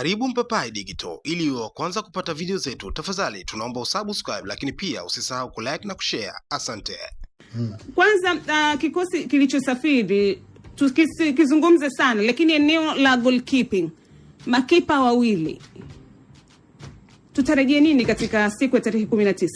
Karibu Mpapai Digital, ili uwe wa kwanza kupata video zetu, tafadhali tunaomba usubscribe, lakini pia usisahau kulike na kushare. Asante. Hmm. Kwanza uh, kikosi kilichosafiri tukizungumze sana, lakini eneo la goalkeeping, makipa wawili, tutarejea nini katika siku ya tarehe 19?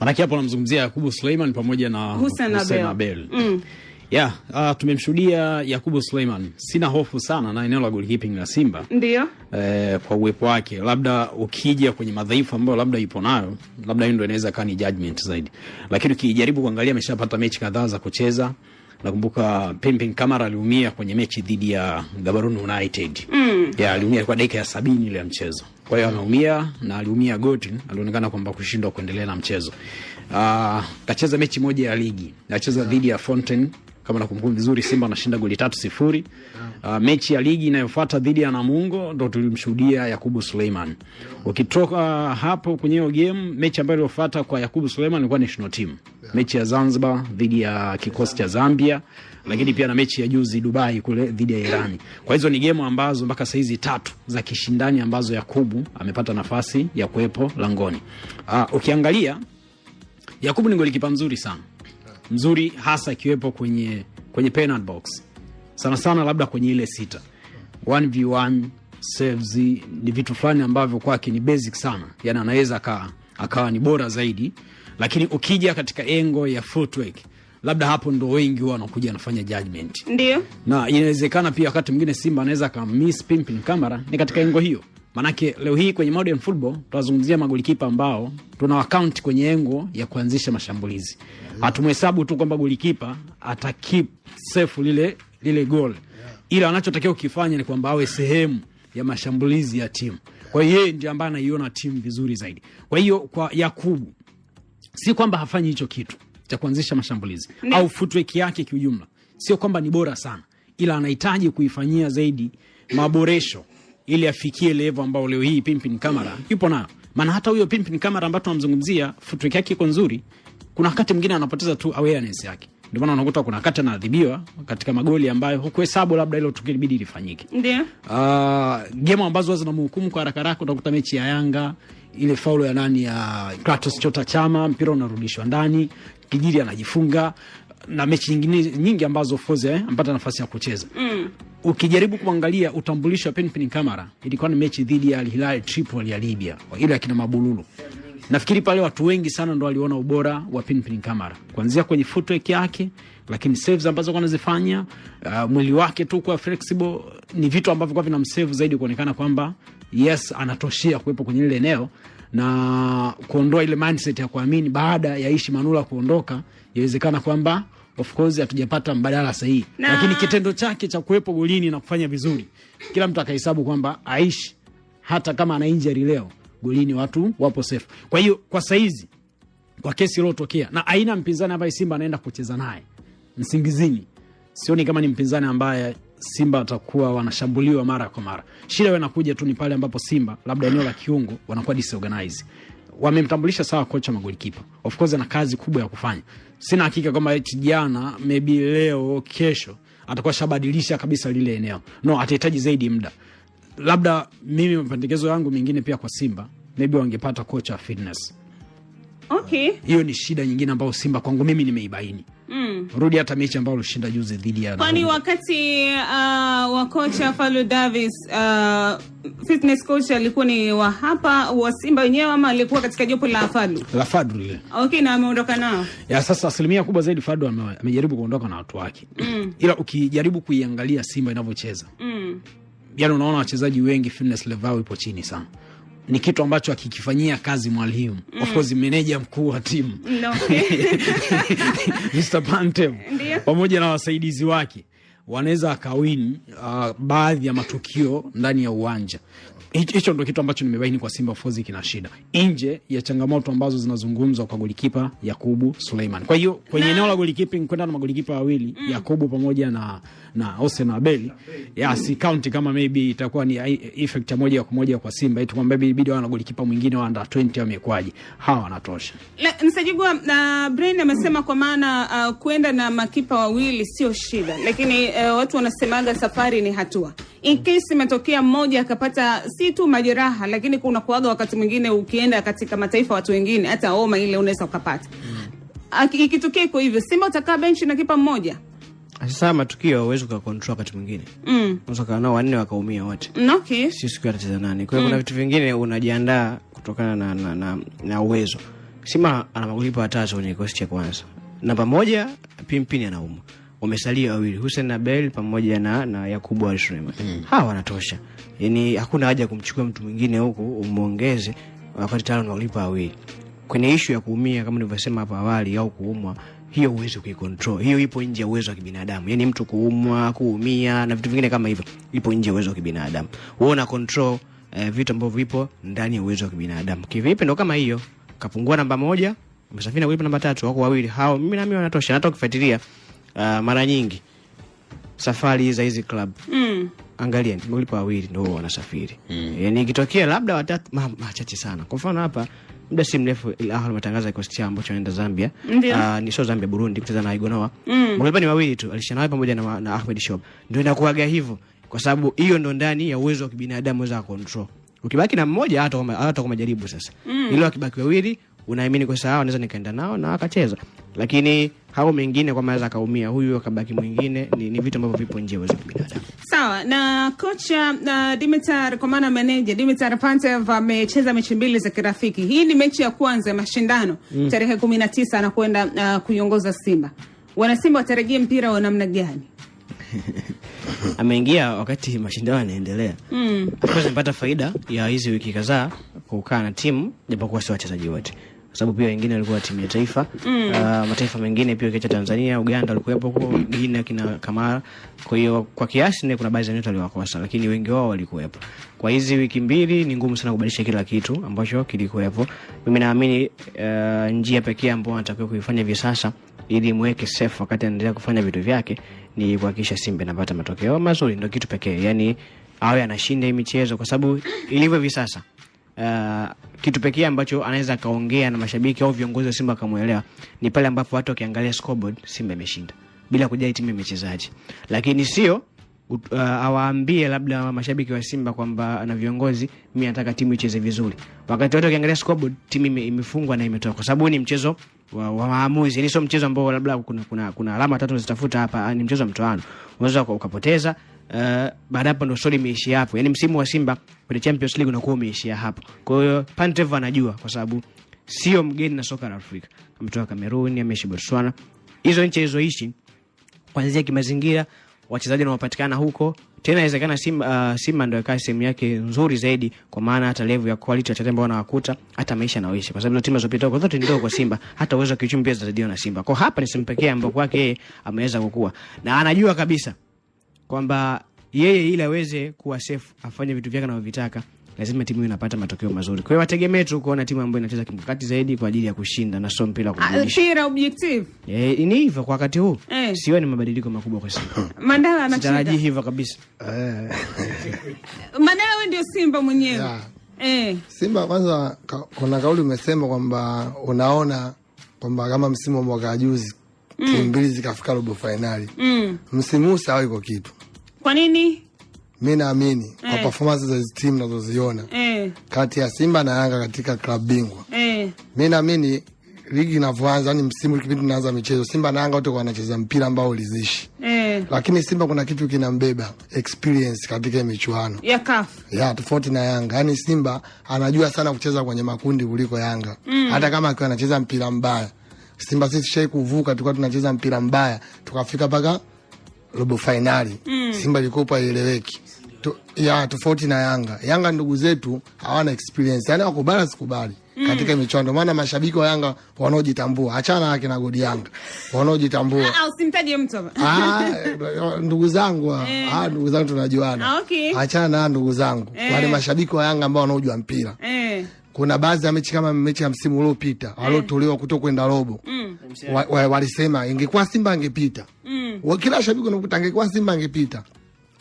Maanake hapo namzungumzia Yakubu Suleiman pamoja na Hussein Abel, Abel. Mm. Yeah, uh, tumemshuhudia Yakubu Suleiman. Sina hofu sana na eneo la goalkeeping la Simba. Ndio. Eh, kwa uwepo wake labda ukija kwenye madhaifu ambayo labda ipo nayo, labda hiyo ndio inaweza kani judgment zaidi. Lakini ukijaribu kuangalia ameshapata mechi kadhaa za kucheza. Nakumbuka Pimpin Kamara aliumia kwenye mechi dhidi ya Gaborone United. Mm. Yeah, aliumia kwa dakika ya sabini ile ya mchezo. Kwa hiyo ameumia na aliumia goti, alionekana kwamba kushindwa kuendelea na mchezo. Ah, uh, kacheza mechi moja ya ligi. Alicheza mm. dhidi ya Fontaine kama nakumbuka vizuri, Simba anashinda goli tatu sifuri. Uh, mechi ya ligi inayofuata dhidi ya Namungo ndo tulimshuhudia Yakubu Suleiman. Ukitoka uh, hapo kwenye hiyo game, mechi ambayo iliyofuata kwa Yakubu Suleiman ilikuwa national team, mechi ya Zanzibar dhidi ya kikosi cha Zambia, lakini pia na mechi ya juzi Dubai kule dhidi ya Irani. Kwa hizo ni game ambazo mpaka saa hizi tatu za kishindani ambazo Yakubu amepata nafasi ya kuwepo langoni. Uh, ukiangalia Yakubu ni golikipa mzuri sana mzuri hasa ikiwepo kwenye, kwenye penalty box sana sana, labda kwenye ile sita 1v1 saves ni vitu fulani ambavyo kwake ni basic sana, yani anaweza akawa akawa ni bora zaidi, lakini ukija katika engo ya footwork labda hapo ndo wengi huwa wanakuja wanafanya judgment, ndio na inawezekana pia wakati mwingine Simba anaweza akamiss pimping camera ni katika engo hiyo. Manake leo hii kwenye modern football tunazungumzia magolikipa ambao tuna wakaunti kwenye engo ya kuanzisha mashambulizi. Hatumhesabu tu kwamba golikipa ata keep safe lile lile goal, ila anachotakiwa kukifanya ni kwamba awe sehemu ya mashambulizi ya timu. Kwa hiyo yeye ndiye ambaye anaiona timu vizuri zaidi. Kwa hiyo kwa Yakubu si kwamba hafanyi hicho kitu cha kuanzisha mashambulizi ne, au footwork yake kiujumla, sio kwamba ni bora sana, ila anahitaji kuifanyia zaidi maboresho ili afikie levo ambao leo hii Pimpin kamera mm. yupo nayo. Maana hata huyo Pimpin kamera ambao tunamzungumzia footwork yake iko nzuri, kuna wakati mwingine anapoteza tu awareness yake. Ndio maana unakuta kuna wakati anaadhibiwa katika magoli ambayo hukuhesabu labda hilo tukio libidi lifanyike. Ndio. uh, game ambazo zinamhukumu kwa haraka haraka, utakuta mechi ya Yanga ile faulo ya nani ya Kratos Chota Chama, mpira unarudishwa ndani, Kijiri anajifunga na mechi nyingine nyingi ambazo foze eh, ampata nafasi ya kucheza. Mm ukijaribu kuangalia utambulisho wa Penpin Kamara, ilikuwa ni mechi dhidi ya Al Hilal Tripoli ya Libya, ile akina Mabululu. Nafikiri pale watu wengi sana ndo waliona ubora wa Pinpin Kamara, kuanzia kwenye footwork yake, lakini saves ambazo kwa anazifanya, uh, mwili wake tu kwa flexible, ni vitu ambavyo kwa vinamsave zaidi kuonekana kwamba yes anatoshia kuwepo kwenye ile eneo na kuondoa ile mindset ya kuamini baada ya Ishi Manula kuondoka, yawezekana kwamba of course hatujapata mbadala sahihi na... Lakini kitendo chake cha kuwepo golini na kufanya vizuri, kila mtu akahesabu kwamba aishi hata kama ana injury leo golini, watu wapo safe. Kwa hiyo kwa saizi, kwa kesi iliyotokea na aina mpinzani ambaye Simba anaenda kucheza naye msingizini, sioni kama ni mpinzani ambaye Simba watakuwa wanashambuliwa mara kwa mara. Shida inakuja tu ni pale ambapo Simba labda eneo la kiungo wanakuwa disorganized. Wamemtambulisha sawa kocha magolikipa, of course ana kazi kubwa ya kufanya, sina hakika kwamba eti jana maybe leo kesho atakuwa shabadilisha kabisa lile eneo no, atahitaji zaidi muda. Labda mimi mapendekezo yangu mengine pia kwa Simba maybe wangepata kocha fitness. Okay, hiyo ni shida nyingine ambayo Simba kwangu mimi nimeibaini mm. rudi hata mechi ambayo alishinda juzi dhidi ya kwani wakati uh, wa kocha Falu Davis uh, fitness coach alikuwa ni wa hapa wa Simba wenyewe ama alikuwa katika jopo la Fadlu la Fadlu lile okay, na ameondoka nao ya sasa. Asilimia kubwa zaidi Fadlu amejaribu kuondoka na watu wake mm. ila ukijaribu kuiangalia Simba inavyocheza mm. yani unaona wachezaji wengi fitness level ipo chini sana ni kitu ambacho akikifanyia kazi mwalimu mm. Of course meneja mkuu wa timu no. Mr. Pantem pamoja na wasaidizi wake wanaweza akawin uh, baadhi ya matukio ndani ya uwanja hicho ndo kitu ambacho nimebaini kwa Simba Fozi kina shida nje ya changamoto ambazo zinazungumzwa kwa golikipa Yakubu Suleiman. Kwa hiyo kwenye eneo la golikipi kwenda na magolikipa wawili mm. Yakubu pamoja na na Hossein Abeli yes, mm. count kama maybe itakuwa ni effect moja kwa moja kwa Simba eti kwamba ibidi wana golikipa mwingine wa under 20 amekwaje, hawa wanatosha. wa uh, Brain amesema kwa maana uh, kwenda na makipa wawili sio shida, lakini uh, watu wanasemaga safari ni hatua in case imetokea mmoja akapata si tu majeraha, lakini kuna kuaga wakati mwingine ukienda katika mataifa watu wengine hata homa ile unaweza ukapata. Mm. Ikitokea iko hivyo, Simba utakaa benchi na kipa mmoja. Sasa matukio huwezi ukakontrol wakati mwingine. Mm. Unaweza kana wanne wakaumia wote. Mm, okay. Si siku ya atacheza nani. Kwa hiyo kuna mm. vitu vingine unajiandaa kutokana na na, na, na uwezo. Simba ana magolikipa watatu kwenye kikosi cha kwanza. Namba moja, Pimpini anaumwa wamesalia wawili Hussein Abel pamoja na, na Yakubu Ali Suleiman mm. hawa wanatosha, yani hakuna haja kumchukua mtu mwingine huku umuongeze wakati tano na ulipa wawili. Kwenye ishu ya kuumia kama nilivyosema hapo awali au kuumwa, hiyo huwezi kuikontrol, hiyo ipo nje ya uwezo wa kibinadamu. Yani mtu kuumwa, kuumia na vitu vingine kama hivyo ipo nje ya uwezo wa kibinadamu. Wewe una control eh, vitu ambavyo vipo ndani ya uwezo wa kibinadamu. Kivipi? Ndo kama hiyo kapungua namba moja, Msafina kulipa namba tatu, wako wawili hao, mimi na mimi wanatosha, hata ukifuatilia uh, mara nyingi safari za hizi club mm. Angalia, nimelipa wawili ndio wanasafiri mm. Yani eh, ikitokea labda watatu machache sana. Kwa mfano hapa muda si mrefu Al eh, Ahly matangazo ya kikosi chao ambacho anaenda Zambia uh, ni sio Zambia, Burundi kucheza na Igonoa mm. Magolipa ni wawili tu, alishana pamoja na, na Ahmed Shop. Ndio inakuaga hivyo, kwa sababu hiyo ndio ndani ya uwezo wa kibinadamu waweza control. Ukibaki na mmoja hata kama hata kama jaribu sasa, mm. ilo akibaki wawili unaamini kwa sababu naweza nikaenda nao na akacheza, lakini hao mengine kwa maana akaumia huyu akabaki mwingine, ni, ni vitu ambavyo vipo nje ya uwezo wa binadamu. Sawa na kocha uh, Dimitar kwa maana manager Dimitar Pantev amecheza mechi mbili za kirafiki. Hii ni mechi ya kwanza ya mashindano mm. tarehe 19 anakwenda uh, kuiongoza Simba. wana Simba watarejea mpira wa namna gani? ameingia wakati mashindano yanaendelea mm. amepata faida ya hizi wiki kadhaa kukaa na timu, japokuwa si wachezaji wote kwa sababu pia wengine walikuwa timu ya taifa mm. Uh, mataifa mengine pia ukiacha Tanzania, Uganda walikuwepo huko, wengine kina Kamara. Kwa hiyo kwa kiasi ni kuna baadhi ya nyota waliwakosa, lakini wengi wao walikuwepo. Kwa hizi wiki mbili ni ngumu sana kubadilisha kila kitu ambacho kilikuwepo. Mimi naamini uh, njia pekee ambayo anatakiwa kuifanya hivi sasa ili mweke safe wakati anaendelea kufanya vitu vyake ni kuhakikisha Simba inapata matokeo mazuri, ndio kitu pekee, yani awe anashinda hii michezo, kwa sababu ilivyo hivi sasa Eh, kitu pekee ambacho anaweza akaongea na mashabiki au viongozi wa Simba akamwelewa ni pale ambapo watu wakiangalia scoreboard Simba imeshinda bila kujali timu imechezaje, lakini sio uh, awaambie labda mashabiki wa Simba kwamba na viongozi, mimi nataka timu icheze vizuri, wakati watu wakiangalia scoreboard timu imefungwa na imetoka, kwa sababu ni mchezo wa, wa maamuzi, yaani sio mchezo ambao labda kuna, kuna, kuna alama tatu zitafuta hapa, ah, ni mchezo wa mtoano, unaweza ukapoteza uh, baada hapo ndo story imeishia hapo. Yani msimu wa Simba kwenye Champions League unakuwa umeishia hapo. Kwa hiyo Pantev anajua kwa sababu sio mgeni na soka la Afrika. Ametoka Cameroon, ameishi Botswana. Hizo nchi alizoishi kuanzia kimazingira, wachezaji wanaopatikana huko tena inawezekana Simba, uh, Simba ndio ikawa sehemu yake nzuri zaidi, kwa maana hata level ya quality wachezaji ambao wanawakuta hata maisha naoishi, kwa sababu timu zilizopita huko zote ndogo kwa Simba, hata uwezo wa kiuchumi pia zinazidi na Simba. Kwa hapa ni sehemu pekee ambapo kwake yeye ameweza kukua na anajua kabisa kwamba yeye ili aweze kuwa safe afanye vitu vyake anavyovitaka lazima timu inapata matokeo mazuri. Kwa hiyo wategemee tu kuona timu ambayo inacheza kimkakati zaidi kwa ajili ya kushinda na sio mpira kwa ah, kujulisha. Mpira objective. Eh, ni hivyo kwa wakati huu. Eh. Sioni mabadiliko makubwa kwa Simba. Mandala anachinda. Taraji hivyo kabisa. Eh. Mandala wewe ndio Simba mwenyewe. Yeah. Eh. Simba kwanza ka, kuna kauli umesema kwamba unaona kwamba kama msimu wa mwaka juzi mm. timu mbili zikafika robo finali. Mm. Msimu huu sawa iko kitu. Kwa nini? Mi naamini eh. kwa eh, performance za hizi timu nazoziona eh, kati ya Simba na Yanga katika klabu bingwa eh, mi naamini ligi inavyoanza, yani msimu kipindi tunaanza michezo, Simba na Yanga wote wanacheza mpira ambao ulizishi eh, lakini Simba kuna kitu kinambeba experience katika michuano ya kafu ya tofauti na Yanga. Yani Simba anajua sana kucheza kwenye makundi kuliko Yanga mm, hata kama akiwa anacheza mpira mbaya Simba sisi shai kuvuka, tulikuwa tunacheza mpira mbaya tukafika mpaka robo fainali mm. Simba ilikuwa haieleweki tu, ya tofauti na Yanga. Yanga ndugu zetu hawana experience, yani wakubali sikubali mm. katika michuano. Maana mashabiki wa Yanga wanaojitambua, achana yake na godi Yanga wanaojitambua ah, ah, usimtaje mtu ah, eh, ndugu zangu eh. ah, ndugu zangu tunajuana, achana na ndugu zangu eh. wale mashabiki wa Yanga ambao wanaojua mpira eh kuna baadhi ya mechi kama mechi ya msimu uliopita eh. waliotolewa mm. kutoka kwenda robo mm. wa, wa, walisema ingekuwa Simba angepita mm. kila shabiki unakuta angekuwa Simba angepita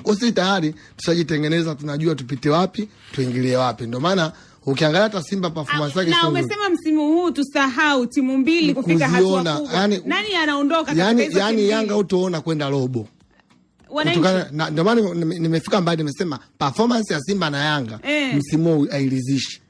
kwa sisi tayari tushajitengeneza, tunajua tupite wapi tuingilie wapi. Ndio maana ukiangalia hata Simba performance ah, yake sio. Na Umesema msimu huu tusahau timu mbili kufika hatua kubwa, yani, nani anaondoka yani, yani, yani Yanga utaona kwenda robo na, ndio maana nimefika mbali, nimesema performance ya Simba na Yanga eh, msimu huu hairidhishi